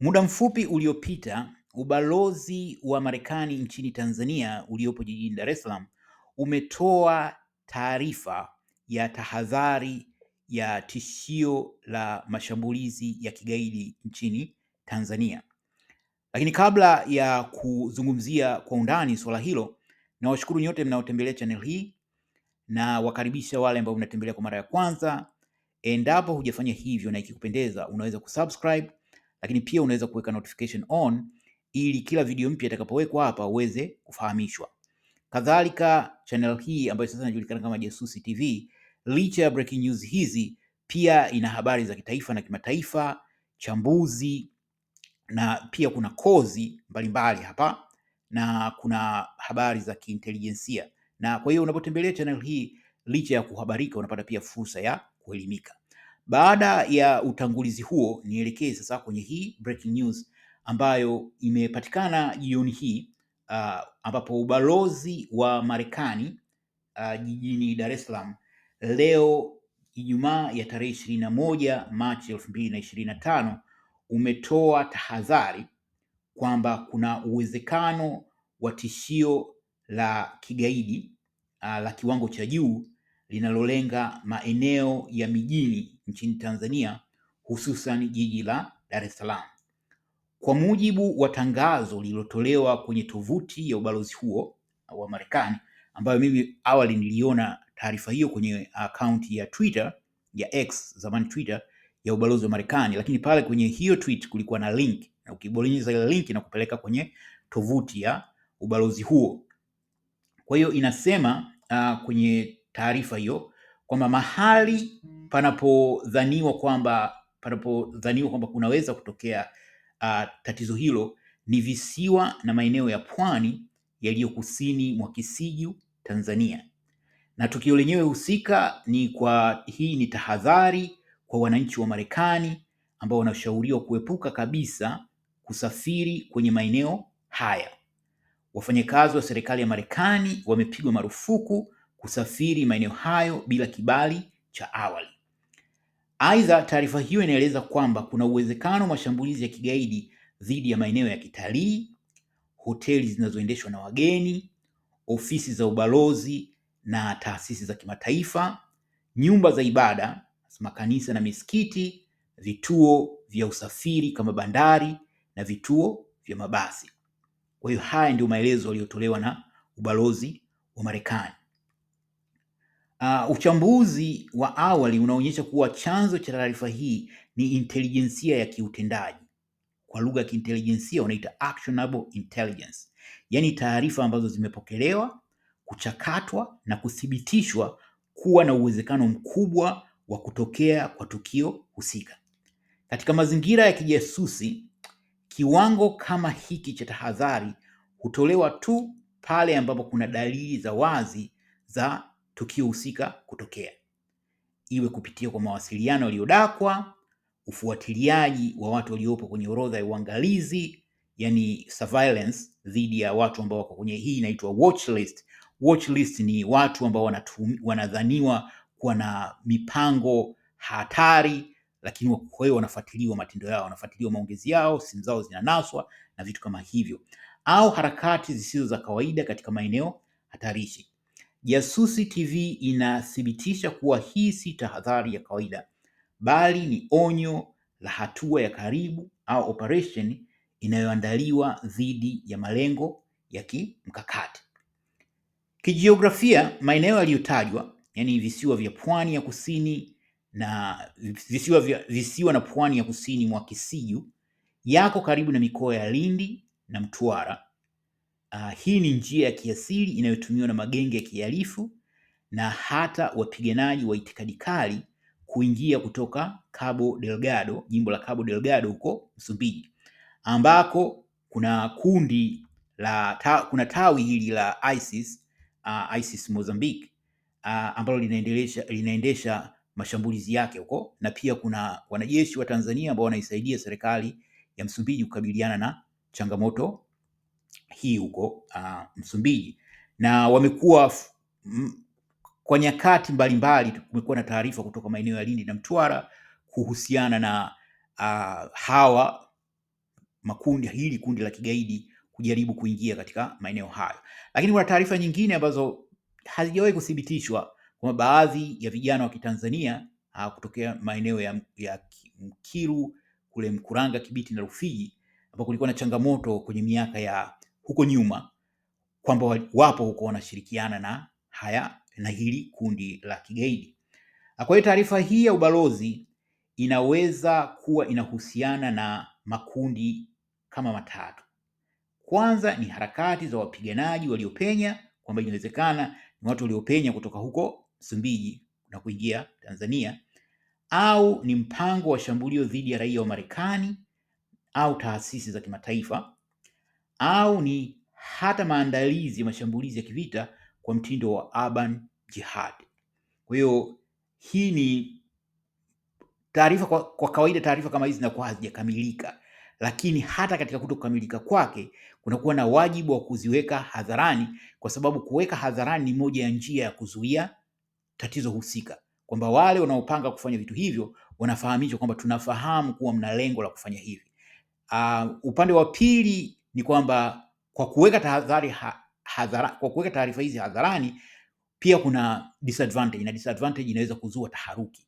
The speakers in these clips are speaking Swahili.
Muda mfupi uliopita ubalozi wa Marekani nchini Tanzania uliopo jijini Dar es Salaam umetoa taarifa ya tahadhari ya tishio la mashambulizi ya kigaidi nchini Tanzania. Lakini kabla ya kuzungumzia kwa undani suala hilo, nawashukuru nyote mnaotembelea channel hii na wakaribisha wale ambao mnatembelea kwa mara ya kwanza. Endapo hujafanya hivyo na ikikupendeza, unaweza kusubscribe lakini pia unaweza kuweka notification on ili kila video mpya itakapowekwa hapa uweze kufahamishwa. Kadhalika, channel hii ambayo sasa inajulikana kama Jasusi TV, licha ya breaking news hizi, pia ina habari za kitaifa na kimataifa, chambuzi na pia kuna kozi mbalimbali hapa na kuna habari za kiintelijensia, na kwa hiyo unapotembelea channel hii, licha ya kuhabarika, unapata pia fursa ya kuelimika. Baada ya utangulizi huo, nielekee sasa kwenye hii breaking news ambayo imepatikana jioni hii uh, ambapo ubalozi wa Marekani uh, jijini Dar es Salaam leo Ijumaa ya tarehe ishirini na moja Machi elfu mbili na ishirini na tano umetoa tahadhari kwamba kuna uwezekano wa tishio la kigaidi uh, la kiwango cha juu linalolenga maeneo ya mijini nchini Tanzania hususan jiji la Dar es Salaam. Kwa mujibu wa tangazo lililotolewa kwenye tovuti ya ubalozi huo wa Marekani, ambayo mimi awali niliona taarifa hiyo kwenye akaunti ya Twitter ya X, zamani Twitter, ya ubalozi wa Marekani, lakini pale kwenye hiyo tweet kulikuwa na link, na ukibonyeza ile link kupeleka kwenye tovuti ya ubalozi huo. Kwa hiyo inasema uh, kwenye taarifa hiyo kwamba mahali panapodhaniwa kwamba panapodhaniwa kwamba kunaweza kutokea uh, tatizo hilo ni visiwa na maeneo ya pwani yaliyo kusini mwa Kisiju, Tanzania. Na tukio lenyewe husika ni kwa hii ni tahadhari kwa wananchi wa Marekani ambao wanashauriwa kuepuka kabisa kusafiri kwenye maeneo haya. Wafanyakazi wa serikali ya Marekani wamepigwa marufuku kusafiri maeneo hayo bila kibali cha awali. Aidha, taarifa hiyo inaeleza kwamba kuna uwezekano wa mashambulizi ya kigaidi dhidi ya maeneo ya kitalii, hoteli zinazoendeshwa na wageni, ofisi za ubalozi na taasisi za kimataifa, nyumba za ibada, makanisa na misikiti, vituo vya usafiri kama bandari na vituo vya mabasi. Kwa hiyo haya ndio maelezo yaliyotolewa na ubalozi wa Marekani. Uh, uchambuzi wa awali unaonyesha kuwa chanzo cha taarifa hii ni intelijensia ya kiutendaji. Kwa lugha ya kiintelijensia unaita actionable intelligence, yaani taarifa ambazo zimepokelewa, kuchakatwa na kuthibitishwa kuwa na uwezekano mkubwa wa kutokea kwa tukio husika. Katika mazingira ya kijasusi, kiwango kama hiki cha tahadhari hutolewa tu pale ambapo kuna dalili za wazi za tukio husika kutokea, iwe kupitia kwa mawasiliano yaliyodakwa, ufuatiliaji wa watu waliopo kwenye orodha ya uangalizi, yani surveillance dhidi ya watu ambao wako kwenye hii inaitwa watch list. Watch list ni watu ambao wanadhaniwa kuwa na mipango hatari, lakini kwa hiyo wanafuatiliwa matendo yao, wanafuatiliwa maongezi yao, simu zao zinanaswa na vitu kama hivyo, au harakati zisizo za kawaida katika maeneo hatarishi. Jasusi TV inathibitisha kuwa hii si tahadhari ya kawaida, bali ni onyo la hatua ya karibu au operation inayoandaliwa dhidi ya malengo ya kimkakati. Kijiografia, maeneo yaliyotajwa yani visiwa vya pwani ya kusini na visiwa, vya, visiwa na pwani ya kusini mwa Kisiju yako karibu na mikoa ya Lindi na Mtwara Uh, hii ni njia ya kiasili inayotumiwa na magenge ya kihalifu na hata wapiganaji wa itikadi kali kuingia kutoka Cabo Delgado, jimbo la Cabo Delgado huko Msumbiji, ambako kuna kundi la ta, kuna tawi hili la ISIS, uh, ISIS Mozambique uh, ambalo linaendelesha linaendesha mashambulizi yake huko, na pia kuna wanajeshi wa Tanzania ambao wanaisaidia serikali ya Msumbiji kukabiliana na changamoto hii huko uh, Msumbiji, na wamekuwa kwa nyakati mbalimbali, kumekuwa na taarifa kutoka maeneo ya Lindi na Mtwara kuhusiana na uh, hawa makundi hili kundi la kigaidi kujaribu kuingia katika maeneo hayo, lakini kuna taarifa nyingine ambazo hazijawahi kuthibitishwa kwamba baadhi ya vijana wa Kitanzania uh, kutokea maeneo ya, ya Mkiru kule Mkuranga, Kibiti na Rufiji ambapo kulikuwa na changamoto kwenye miaka ya huko nyuma kwamba wapo huko wanashirikiana na haya na hili kundi la kigaidi. Kwa hiyo taarifa hii ya ubalozi inaweza kuwa inahusiana na makundi kama matatu. Kwanza ni harakati za wapiganaji waliopenya, kwamba inawezekana ni watu waliopenya kutoka huko Msumbiji na kuingia Tanzania, au ni mpango wa shambulio dhidi ya raia wa Marekani au taasisi za kimataifa au ni hata maandalizi ya mashambulizi ya kivita kwa mtindo wa urban jihad. Kwa hiyo hii ni taarifa kwa, kwa kawaida taarifa kama hizi zinakuwa hazijakamilika, lakini hata katika kutokukamilika kwake kunakuwa na wajibu wa kuziweka hadharani, kwa sababu kuweka hadharani ni moja ya njia ya kuzuia tatizo husika, kwamba wale wanaopanga kufanya vitu hivyo wanafahamishwa kwamba tunafahamu kuwa mna lengo la kufanya hivi. Uh, upande wa pili ni kwamba kwa kuweka tahadhari hadhara, kwa kuweka taarifa hizi hadharani pia kuna disadvantage, na disadvantage inaweza kuzua taharuki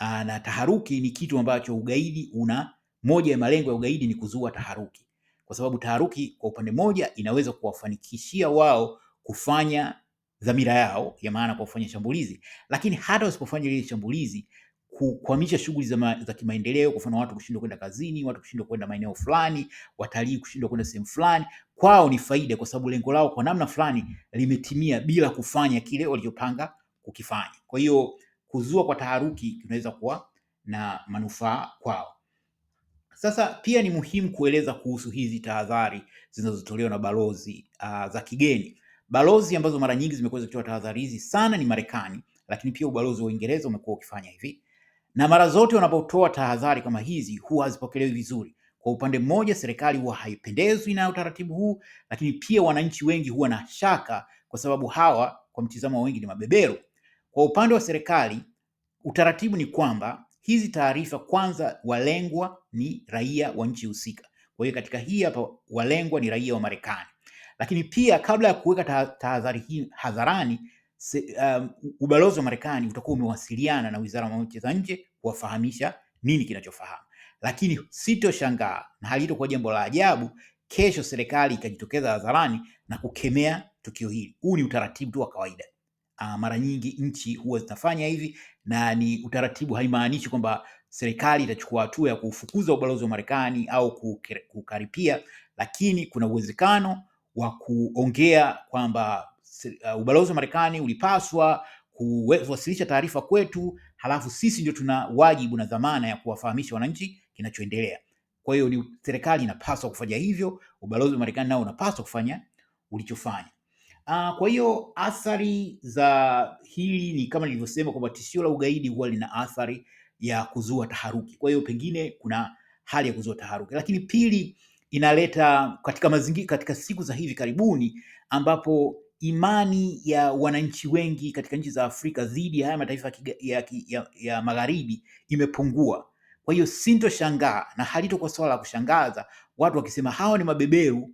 aa, ah, na taharuki ni kitu ambacho ugaidi una moja ya malengo ya ugaidi ni kuzua taharuki, kwa sababu taharuki kwa upande mmoja inaweza kuwafanikishia wao kufanya dhamira yao ya maana kwa kufanya shambulizi, lakini hata wasipofanya lile shambulizi kukwamisha shughuli za, za kimaendeleo. Kwa mfano, watu kushindwa kwenda kazini, watu kushindwa kwenda maeneo fulani, watalii kushindwa kwenda sehemu fulani. Kwao ni faida, kwa sababu lengo lao kwa namna fulani limetimia bila kufanya kile walichopanga kukifanya. Kwa hiyo kuzua kwa taharuki kunaweza kuwa na manufaa kwao. Sasa pia ni muhimu kueleza kuhusu hizi tahadhari zinazotolewa na balozi uh, za kigeni. Balozi ambazo mara nyingi zimekuwa zikitoa tahadhari hizi sana ni Marekani, lakini pia ubalozi wa Uingereza umekuwa ukifanya hivi na mara zote wanapotoa tahadhari kama hizi huwa hazipokelewi vizuri. Kwa upande mmoja, serikali huwa haipendezwi na utaratibu huu, lakini pia wananchi wengi huwa na shaka, kwa sababu hawa kwa mtizamo wengi ni mabeberu. Kwa upande wa serikali, utaratibu ni kwamba hizi taarifa kwanza, walengwa ni raia wa nchi husika. Kwa hiyo katika hii hapa, walengwa ni raia wa Marekani, lakini pia kabla ya kuweka tahadhari hii hadharani se, um, ubalozi wa Marekani utakuwa umewasiliana na wizara ya mambo ya nje kuwafahamisha nini kinachofahamu, lakini sitoshangaa na halitakuwa jambo la ajabu kesho serikali ikajitokeza hadharani na kukemea tukio hili. Huu ni utaratibu tu wa kawaida. Uh, mara nyingi nchi huwa zinafanya hivi na ni utaratibu, haimaanishi kwamba serikali itachukua hatua ya kufukuza ubalozi wa Marekani au kukaripia, lakini kuna uwezekano wa kuongea kwamba uh, ubalozi wa Marekani ulipaswa kuwasilisha taarifa kwetu, halafu sisi ndio tuna wajibu na dhamana ya kuwafahamisha wananchi kinachoendelea. Kwa hiyo ni serikali inapaswa kufanya hivyo, ubalozi wa Marekani nao unapaswa kufanya ulichofanya. Uh, kwa hiyo athari za hili ni kama nilivyosema kwamba tishio la ugaidi huwa lina athari ya kuzua taharuki. Kwa hiyo pengine kuna hali ya kuzua taharuki, lakini pili inaleta katika mazingira, katika siku za hivi karibuni ambapo imani ya wananchi wengi katika nchi za Afrika dhidi ya haya mataifa ya, ya, ya magharibi imepungua. Kwa hiyo sintoshangaa na halitokuwa swala la kushangaza watu wakisema hawa ni mabeberu,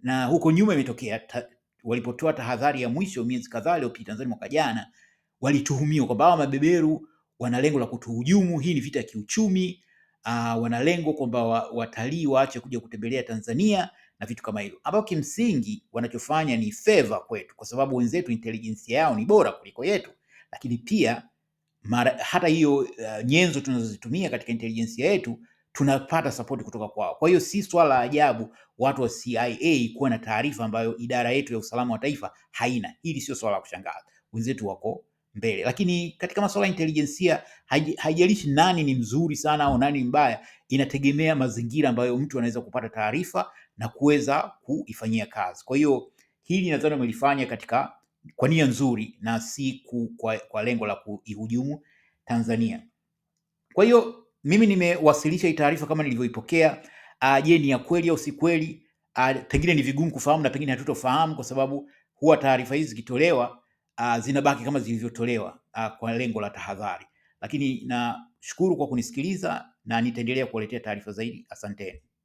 na huko nyuma imetokea ta, walipotoa tahadhari ya mwisho miezi kadhaa iliyopita Tanzania mwaka jana, walituhumiwa kwamba hawa mabeberu wana lengo la kutuhujumu, hii ni vita ya kiuchumi. Uh, wana lengo kwamba watalii waache kuja kutembelea Tanzania na vitu kama hivyo, ambao kimsingi wanachofanya ni favor kwetu, kwa sababu wenzetu intelligence yao ni bora kuliko yetu, lakini pia mara, hata hiyo uh, nyenzo tunazozitumia katika intelligence yetu tunapata support kutoka kwao. Kwa hiyo si swala la ajabu watu wa CIA kuwa na taarifa ambayo idara yetu ya usalama wa taifa haina. Hili sio swala la kushangaza, wenzetu wako mbele. Lakini katika masuala ya intelijensia, haijalishi nani ni mzuri sana au nani mbaya, inategemea mazingira ambayo mtu anaweza kupata taarifa na kuweza kuifanyia kazi. Kwa hiyo hili nadhani wamelifanya katika kwa nia nzuri na si kwa, kwa lengo la kuihujumu Tanzania. Kwa hiyo mimi nimewasilisha hii taarifa kama nilivyoipokea. Ah, je, ni ya kweli au si kweli? Ah, pengine ni vigumu kufahamu na pengine hatutofahamu kwa sababu huwa taarifa hizi zikitolewa ah, zinabaki kama zilivyotolewa kwa lengo la tahadhari. Lakini nashukuru kwa kunisikiliza na nitaendelea kuwaletea taarifa zaidi. Asanteni.